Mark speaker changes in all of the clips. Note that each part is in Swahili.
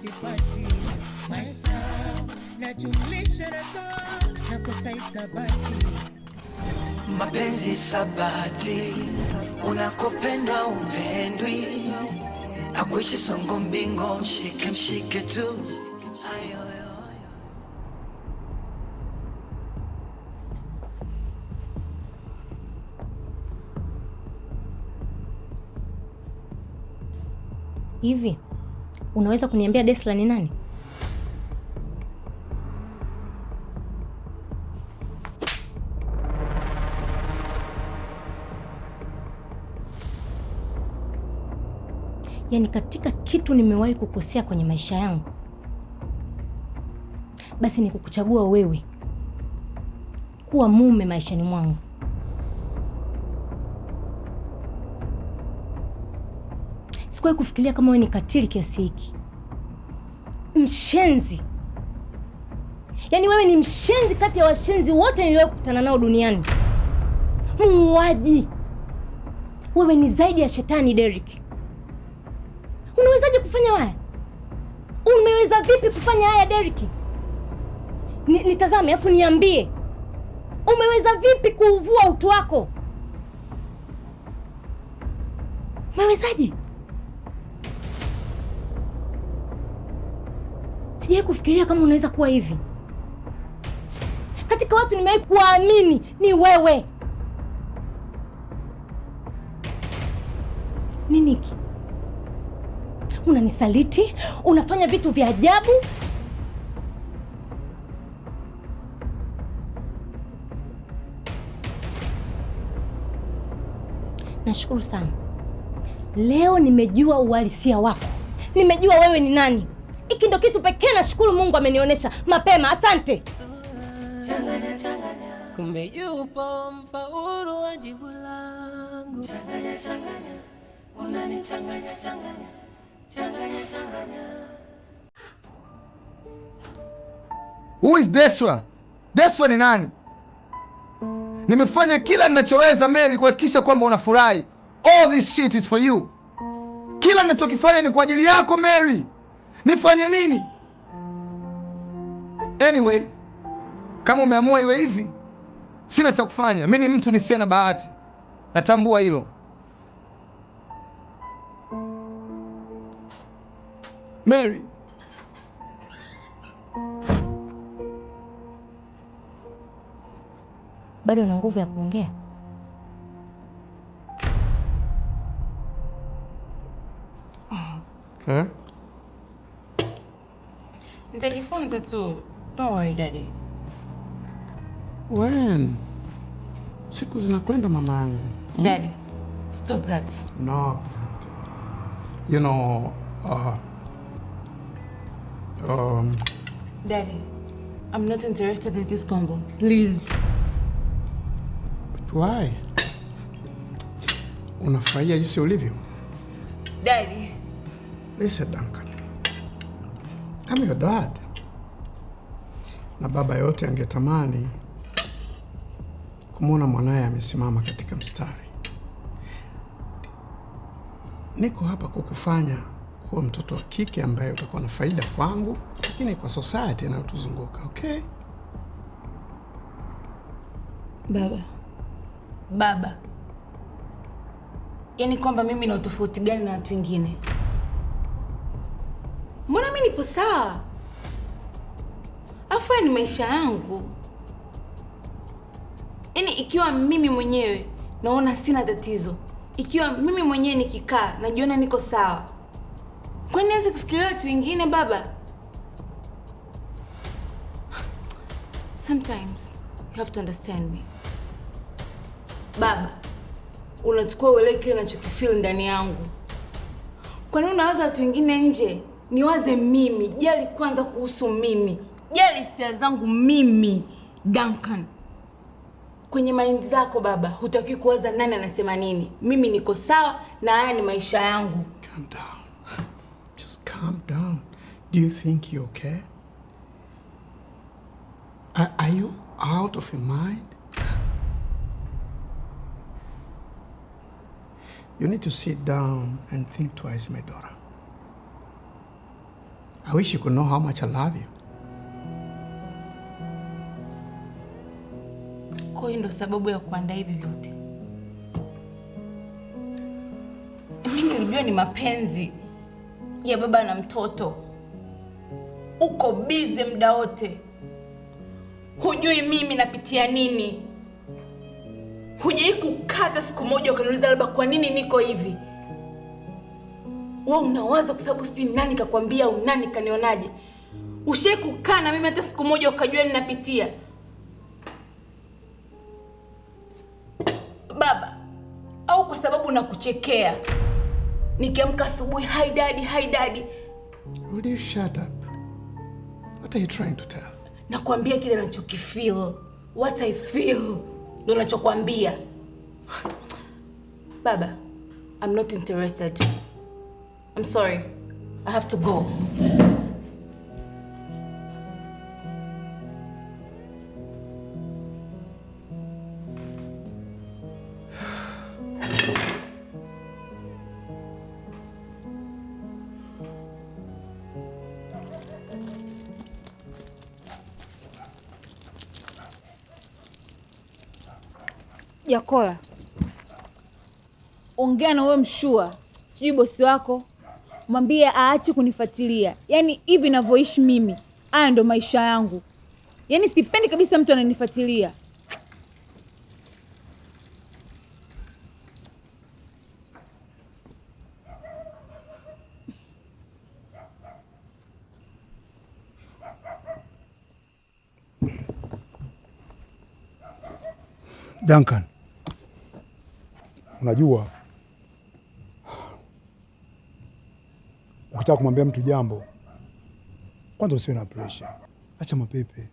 Speaker 1: sipati maisa na jumlisha na toa na kosa isabati mapenzi sabati unakopenda upendwi akuishi songo mbingo mshike mshike tu hivi unaweza kuniambia Desla ni nani? Yaani katika kitu nimewahi kukosea kwenye maisha yangu, basi ni kukuchagua wewe kuwa mume maishani mwangu. sikuwahi kufikiria kama wewe ni katili kiasi hiki. Mshenzi, yaani wewe ni mshenzi kati ya washenzi wote niliwahi kukutana nao duniani. Muuaji, wewe ni zaidi ya shetani Derek. Unawezaje kufanya haya? Umeweza vipi kufanya haya Derek? Nitazame afu niambie, umeweza vipi kuuvua utu wako? Umewezaje? Sijawahi kufikiria kama unaweza kuwa hivi. Katika watu nimewahi kuamini ni wewe. Nini hiki? Unanisaliti, unafanya vitu vya ajabu. Nashukuru sana, leo nimejua uhalisia wako, nimejua wewe ni nani. Hiki ndo kitu pekee nashukuru Mungu amenionyesha mapema. Asante. Changanya, changanya. Kumbe yupo mfaulu wa jibu langu. Changanya, changanya.
Speaker 2: Unanichanganya, changanya. Changanya, changanya. Who is Deswa? Deswa ni nani? Nimefanya kila ninachoweza Mary kuhakikisha kwamba unafurahi. All this shit is for you. Kila ninachokifanya ni kwa ajili yako Mary nifanye nini? Anyway, kama umeamua iwe hivi, sina cha kufanya. Mimi ni mtu nisiye na bahati, natambua hilo. Mary,
Speaker 1: bado una nguvu ya kuongea?
Speaker 3: Huh? Eh? Nitajifunza tu. Don't worry, daddy.
Speaker 4: When? Siku zinakwenda mama yangu.
Speaker 3: Hmm? Daddy, stop that.
Speaker 4: No. You know, uh, um,
Speaker 3: Daddy, I'm not interested with this combo. Please.
Speaker 4: But why? Unafurahia jinsi ulivyo? Daddy. Listen, Duncan. I'm your dad. Na baba yote angetamani kumwona mwanaye amesimama katika mstari. Niko hapa kukufanya kuwa mtoto wa kike ambaye utakuwa na faida kwangu, lakini kwa society inayotuzunguka okay?
Speaker 3: Baba, baba, yaani kwamba mimi na utofauti gani na watu wengine? Mbona mimi nipo sawa? Afu ni maisha yangu. Yaani ikiwa mimi mwenyewe naona sina tatizo, ikiwa mimi mwenyewe nikikaa najiona niko sawa, kwani nianze kufikiria watu wengine? Baba, sometimes you have to understand me. Baba, unachukua uelewe kile ninachokifeel ndani yangu. Kwa nini unawaza watu wengine nje? niwaze mimi, jali kwanza kuhusu mimi, jali hisia zangu mimi. Duncan, kwenye mind zako baba, hutaki kuwaza nani anasema nini. Mimi niko sawa na haya ni maisha yangu.
Speaker 4: Calm down. Just calm down. Do you think you're okay? Are, are you out of your mind? You need to sit down and think twice, my daughter. I wish you could know how much I love you.
Speaker 1: Kwa hiyo ndo sababu ya kuandaa hivi vyote. Mimi nilijua ni mapenzi ya baba na mtoto. Uko bize muda wote, hujui mimi napitia nini. Hujai kukata siku moja ukaniuliza labda kwa nini niko hivi wewe unawaza kwa sababu sijui nani kakwambia au nani kanionaje. Ushe kukaa na mimi hata siku moja ukajua ninapitia. Baba, au kwa sababu nakuchekea. Nikiamka asubuhi, hi daddy, hi daddy.
Speaker 4: Would you shut up? What are you trying to tell?
Speaker 1: Nakwambia kile nachokifeel. What I feel. Ndio nachokwambia.
Speaker 3: Baba, I'm not interested. I'm sorry. I have to go.
Speaker 1: Jakola, ongea na wewe mshua, sijui bosi wako mwambie aache kunifuatilia. Yaani hivi ninavyoishi mimi, haya ndo maisha yangu. Yaani sipendi kabisa mtu ananifuatilia.
Speaker 5: Duncan, unajua ukitaka kumwambia mtu jambo, kwanza usiwe na presha, acha mapepe.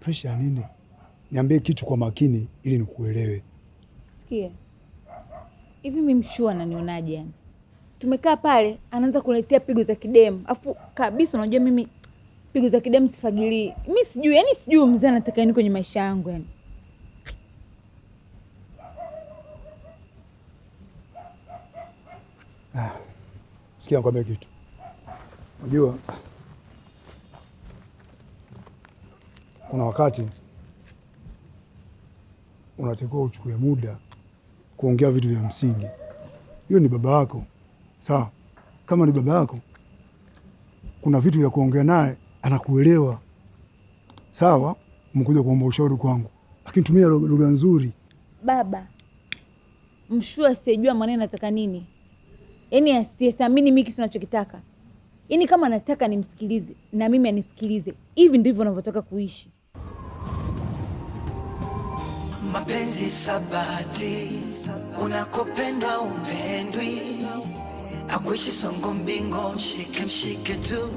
Speaker 5: Presha ya nini? Niambie kitu kwa makini ili nikuelewe.
Speaker 1: Sikia hivi, mimi mshua nanionaje? Yani tumekaa pale, anaanza kuletea pigo za kidemu, afu kabisa, unajua mimi pigo za kidemu sifagilii. Mi sijui, yani sijui mzee anataka nini kwenye maisha yangu yani
Speaker 5: Ah, sikia nikwambia kitu Unajua kuna wakati unatakiwa uchukue muda kuongea vitu vya msingi. Hiyo ni baba yako, sawa? Kama ni baba yako, kuna vitu vya kuongea naye, anakuelewa sawa. Mkuja kuomba ushauri kwangu, lakini tumia lugha nzuri.
Speaker 1: Baba mshua asiyejua maneno anataka nini, yaani asiyethamini mimi kitu ninachokitaka Yaani kama nataka nimsikilize na mimi anisikilize. Hivi ndivyo unavyotaka kuishi? Mapenzi sabati, unakopenda upendwi, akuishi songo mbingo, mshike mshike tu.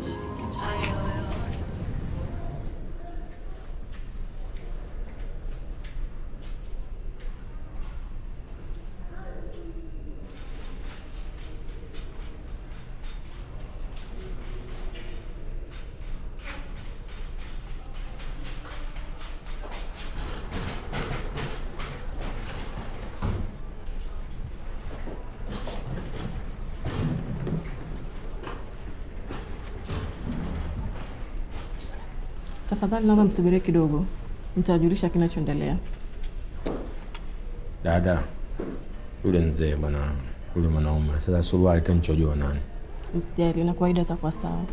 Speaker 6: Tafadhali naomba msubirie kidogo, nitajulisha kinachoendelea.
Speaker 7: Dada yule mzee bwana, yule mwanaume sasa, suruali tanichojoa nani?
Speaker 6: Usijali, na kawaida atakuwa sawa.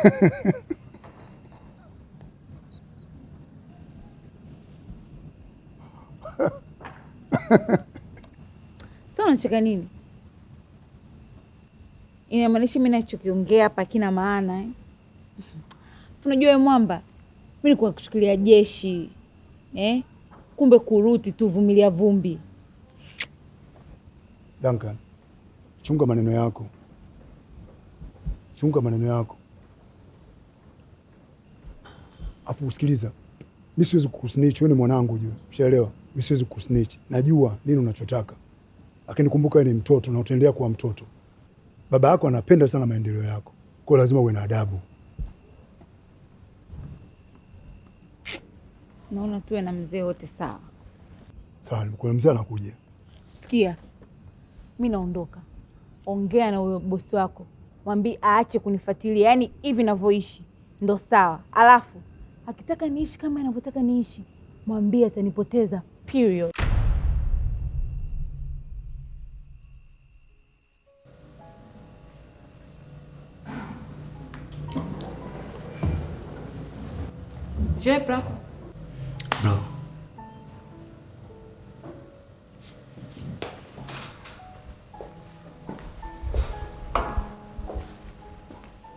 Speaker 1: Sasa unacheka nini? Inamaanisha mimi nachokiongea hapa kina maana eh? Unajua mwamba, mimi nilikuwa kushikilia jeshi eh? Kumbe kuruti tu, vumilia vumbi.
Speaker 5: Duncan, chunga maneno yako, chunga maneno yako. afu mi siwezi kukusnitch, wewe ni mwanangu juu, ushaelewa? mi siwezi kukusnitch, najua nini unachotaka, lakini kumbuka ni mtoto na utaendelea kuwa mtoto. Baba yako anapenda sana maendeleo yako, kwa lazima uwe na adabu.
Speaker 1: Naona tuwe na mzee wote sawa.
Speaker 5: Sawa, kuna mzee anakuja.
Speaker 1: Sikia, mi naondoka, ongea na huyo bosi wako, mwambie aache kunifuatilia, yaani hivi navyoishi ndo sawa, alafu akitaka niishi kama anavyotaka niishi, mwambie atanipoteza period.
Speaker 8: Jepra. Bro.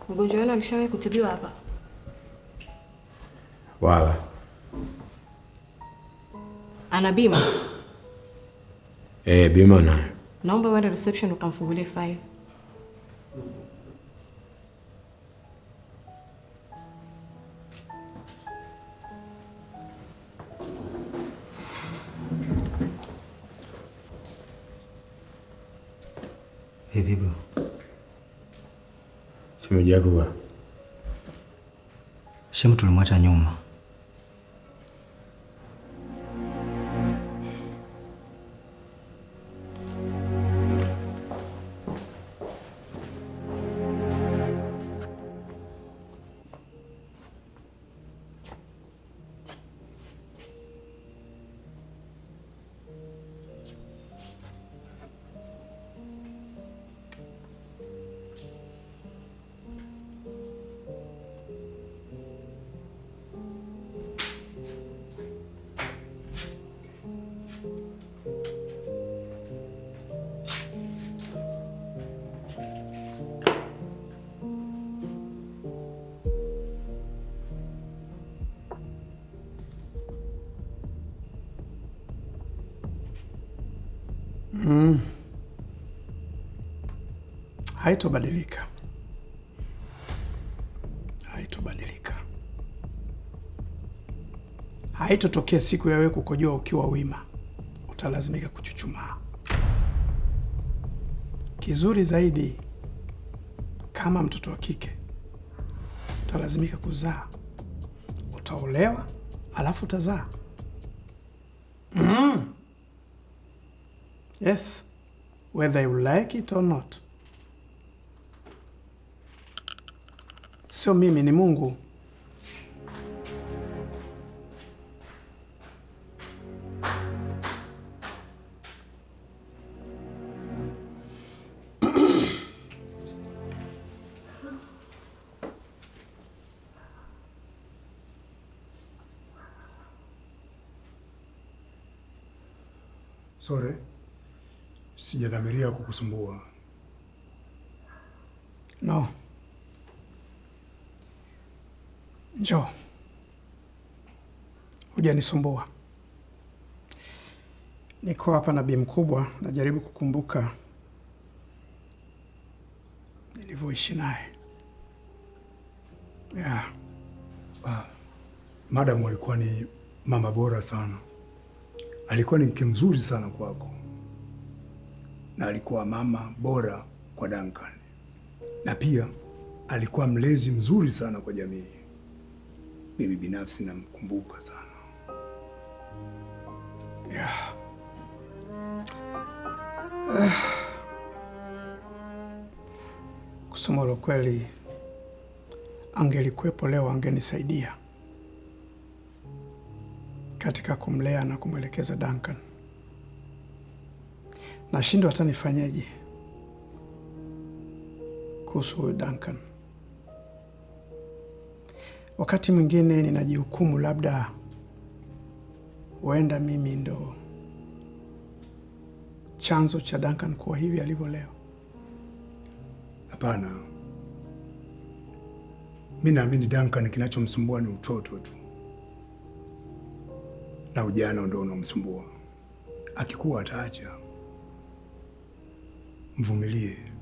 Speaker 8: Mgonjwa wenu alishawahi kutibiwa hapa? wala ana bima
Speaker 9: eh, bima nayo.
Speaker 8: Naomba uende reception ukamfungulie file.
Speaker 10: Hey,
Speaker 9: shemeji yako
Speaker 10: shemu tulimwacha nyuma
Speaker 11: haitobadilika, haitobadilika, haitotokea siku ya wewe kukojoa ukiwa wima, utalazimika kuchuchumaa. Kizuri zaidi, kama mtoto wa kike utalazimika kuzaa, utaolewa alafu utazaa. Mm. Yes, whether you like it or not sio mimi, ni Mungu.
Speaker 5: Sore, sijadhamiria kukusumbua.
Speaker 11: No. Njoo, hujanisumbua. Niko hapa na bi mkubwa, najaribu kukumbuka nilivyoishi naye. Yeah.
Speaker 5: Ah, madam alikuwa ni mama bora sana, alikuwa ni mke mzuri sana kwako, na alikuwa mama bora kwa Duncan, na pia alikuwa mlezi mzuri sana kwa jamii mimi binafsi namkumbuka sana
Speaker 11: yeah. Ah. Kusema la kweli, angelikuwepo leo angenisaidia katika kumlea na kumwelekeza Duncan. Nashindwa hata nifanyeje kuhusu huyu Duncan. Wakati mwingine ninajihukumu, labda huenda mimi ndo chanzo cha Duncan kuwa hivi alivyo leo.
Speaker 5: Hapana, mi naamini Duncan kinachomsumbua ni utoto tu, na ujana ndo unaomsumbua. Akikuwa ataacha, mvumilie.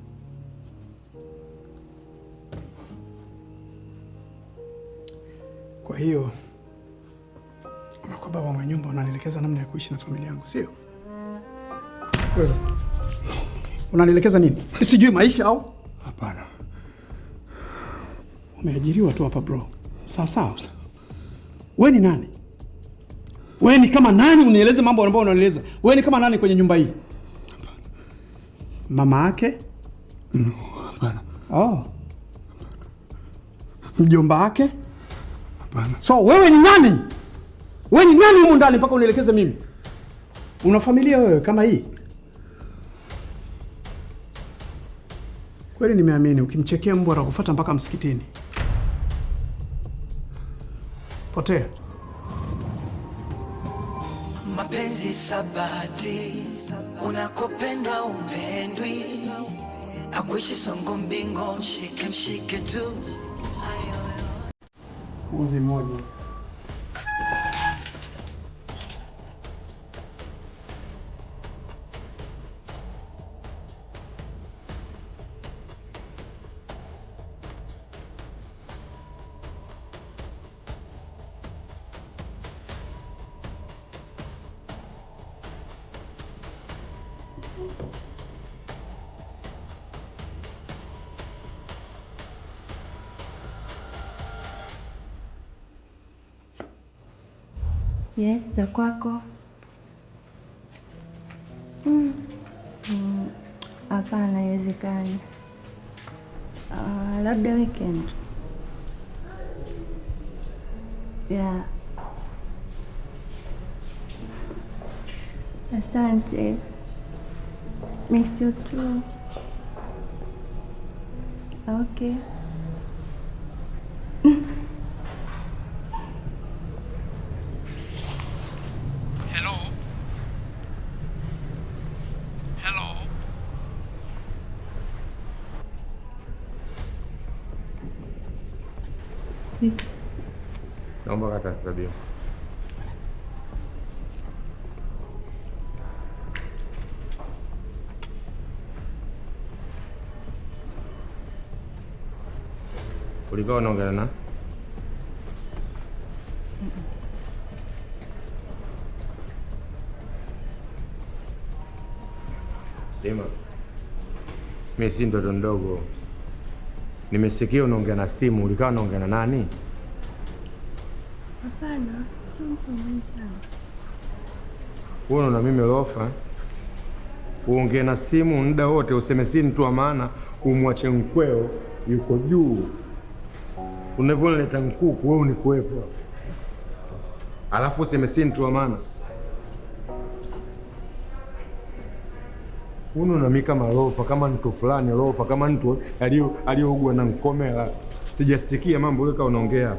Speaker 11: Kwa hiyo umekuwa baba mwenye nyumba, unanielekeza namna ya kuishi na familia yangu, sio? Unanielekeza nini? Sijui maisha au? Hapana, umeajiriwa tu hapa bro. Sawa sawa. We ni nani? We ni kama nani unieleze mambo ambayo unaeleza? We ni kama nani kwenye nyumba hii? Mama yake?
Speaker 5: No, hapana.
Speaker 11: Oh. Mjomba wake? Hapana. So wewe ni nani? Wewe ni nani humu ndani mpaka unielekeze mimi? Una familia wewe kama hii? Kweli nimeamini ukimchekea mbwa atakufuata mpaka msikitini. Potea. Mapenzi sabati, unakopenda upendwi,
Speaker 12: akuishi songo mbingo, mshike mshike tu uze moja
Speaker 13: Yes, za kwako. Hapana, hmm. Hmm. Haiwezekani. Uh, labda weekend. Yeah. Asante. Merci tu. Okay.
Speaker 14: Non va la testa, Dio. Uliko no gana? Sema. Mimi si ndoto Nimesikia unaongea na simu, ulikaa unaongea na nani?
Speaker 13: Hapana, sio mtu mwenzangu.
Speaker 14: Wewe unaona mimi lofa? Eh? Uongee na simu muda wote, useme si mtu wa maana, umwache mkweo yuko juu. Unavyonileta nkuku wewe unikuwepo, alafu useme si mtu wa maana. uno na mika marofa kama mtu fulani lofa kama mtu aliyougwa na nkomela. Sijasikia mambo yoka unaongea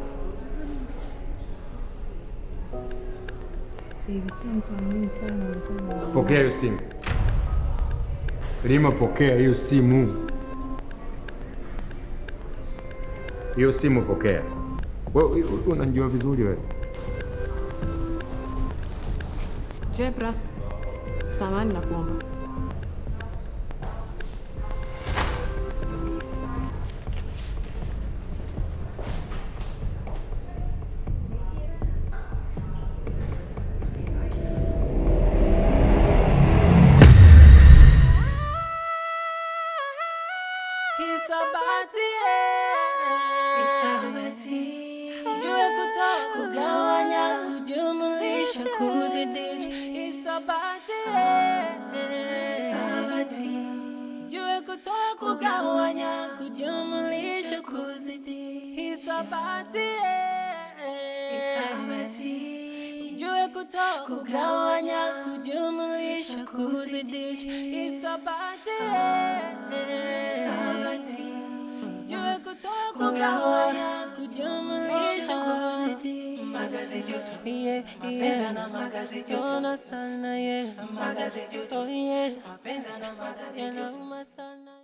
Speaker 14: Pokea hiyo simu Lima, pokea hiyo simu, hiyo simu pokea. Wewe unanijua vizuri wewe.
Speaker 8: Jebra, samani kuomba Swedish is sabati. Sabati. Jue kutoa, kugawanya, kujumulisha, kuzidi. Hisabati. Hisabati. Jue kutoa, kugawanya, kujumulisha, kuzidish Hisabati. Hisabati. Jue kutoa, kugawanya, kujumulisha, kuzidi magazine YouTube. Yeah, yeah. Magazine na magazine YouTube.